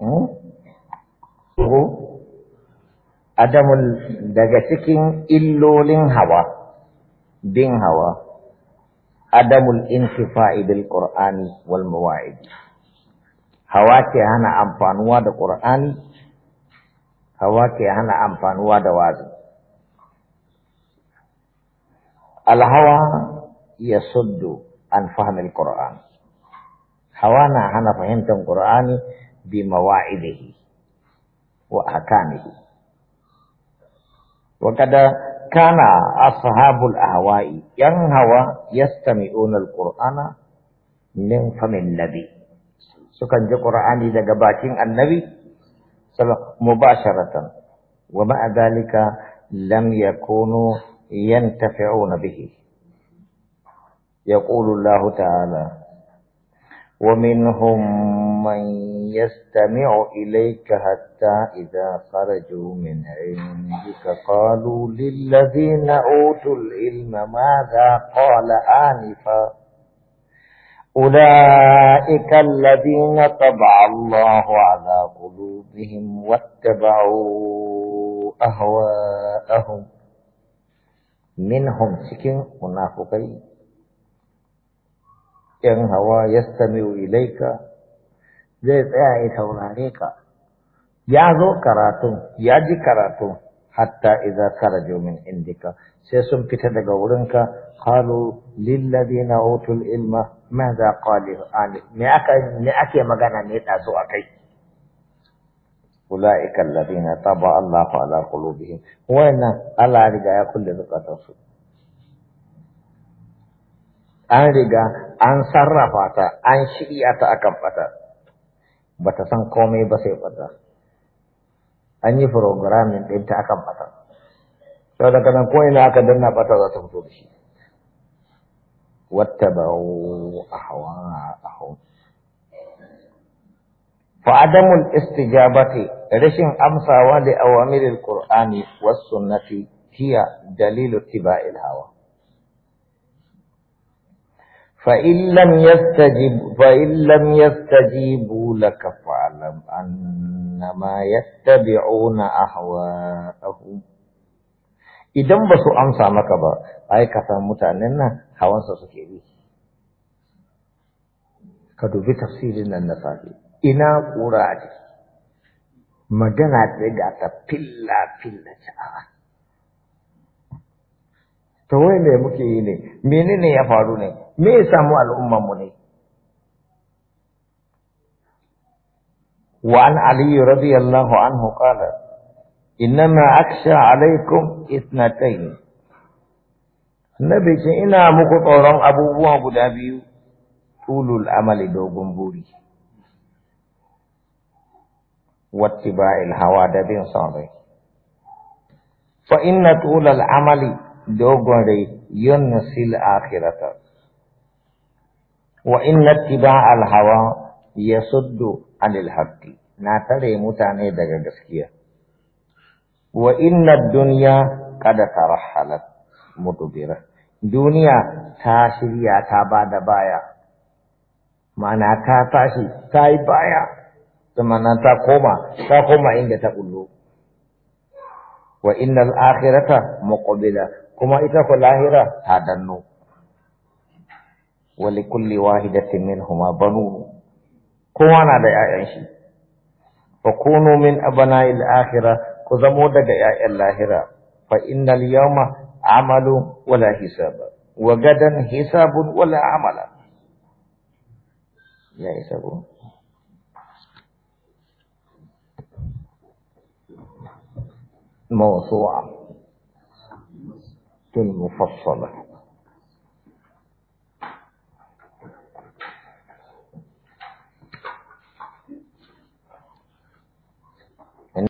ko hmm? adamul daga cikin illolin hawa bin hawa adamul intifa'i bil qur'ani wal mawa'id hawa ke hana amfanuwa da qur'ani hawa ke hana amfanuwa da wazi alhawa ya yasuddu an fahimil qur'ani hawa na hana fahimtar qur'ani بمواعده وأحكامه وقد كان أصحاب الأهواء ينهوى يستمعون القرآن من فم النبي سكن قرآن إذا قباتين النبي مباشرة ومع ذلك لم يكونوا ينتفعون به يقول الله تعالى ومنهم من يستمع إليك حتى إذا خرجوا من عندك قالوا للذين أوتوا العلم ماذا قال آنفا أولئك الذين طبع الله على قلوبهم واتبعوا أهواءهم منهم سكن منافقين ان hawa yastami'u ilaika zai tsaya ya saurare ka ya zo karatun ya ji karatun hatta idza kharaju min indika sai sun fita daga wurinka qalu lil ladina utul ilma madha qalu ani me aka me ake magana ne da su akai ulaika alladina taba Allahu ala qulubihim wannan Allah riga ya kulle zukatansu an riga an sarrafa ta an shirya ta akan fata bata san komai ba sai ɓarna an yi programming ta akan bata sau daga nan ko ina aka danna bata za ta fito da shi wattabu fa adamul istijabati rashin amsawa da awamirul qur'ani was sunnati هي dalilu tiba'il hawa فإن لم يستجب فإن لم يستجيبوا لك فاعلم أنما يتبعون أهواءهم idan ba su amsa maka ba ai ka san mutanen nan hawansa suke bi ka dubi tafsirin nan na safe ina kura a magana ta ga ta filla filla ta. to wai me muke yi ne menene ya faru ne me ya samu al'ummanmu ne وعن علي رضي الله عنه قال إنما أخشى عليكم اثنتين النبي إنا مقطورا أبو أبو دابيو طول الأمل دوغن بوري واتباع الهوى دبين صاري فإن طول العمل دوغن ينسي الآخرة wa inna tiba'al hawa yasuddu 'anil haqqi na tare mutane daga gaskiya wa inna dunya qad tarahalat mudbira duniya ta shirya ta bada baya mana ta tashi ta yi baya zamana ta koma ta koma inda ta kullu wa innal akhirata muqbila kuma ita ko lahira ta danno ولكل واحدة منهما بنون كوانا دا يعيشي فكونوا من أبناء الآخرة كذمو دا اللاهرة فإن اليوم عمل ولا حساب وغدا حساب ولا عمل يا حساب موسوعة المفصلة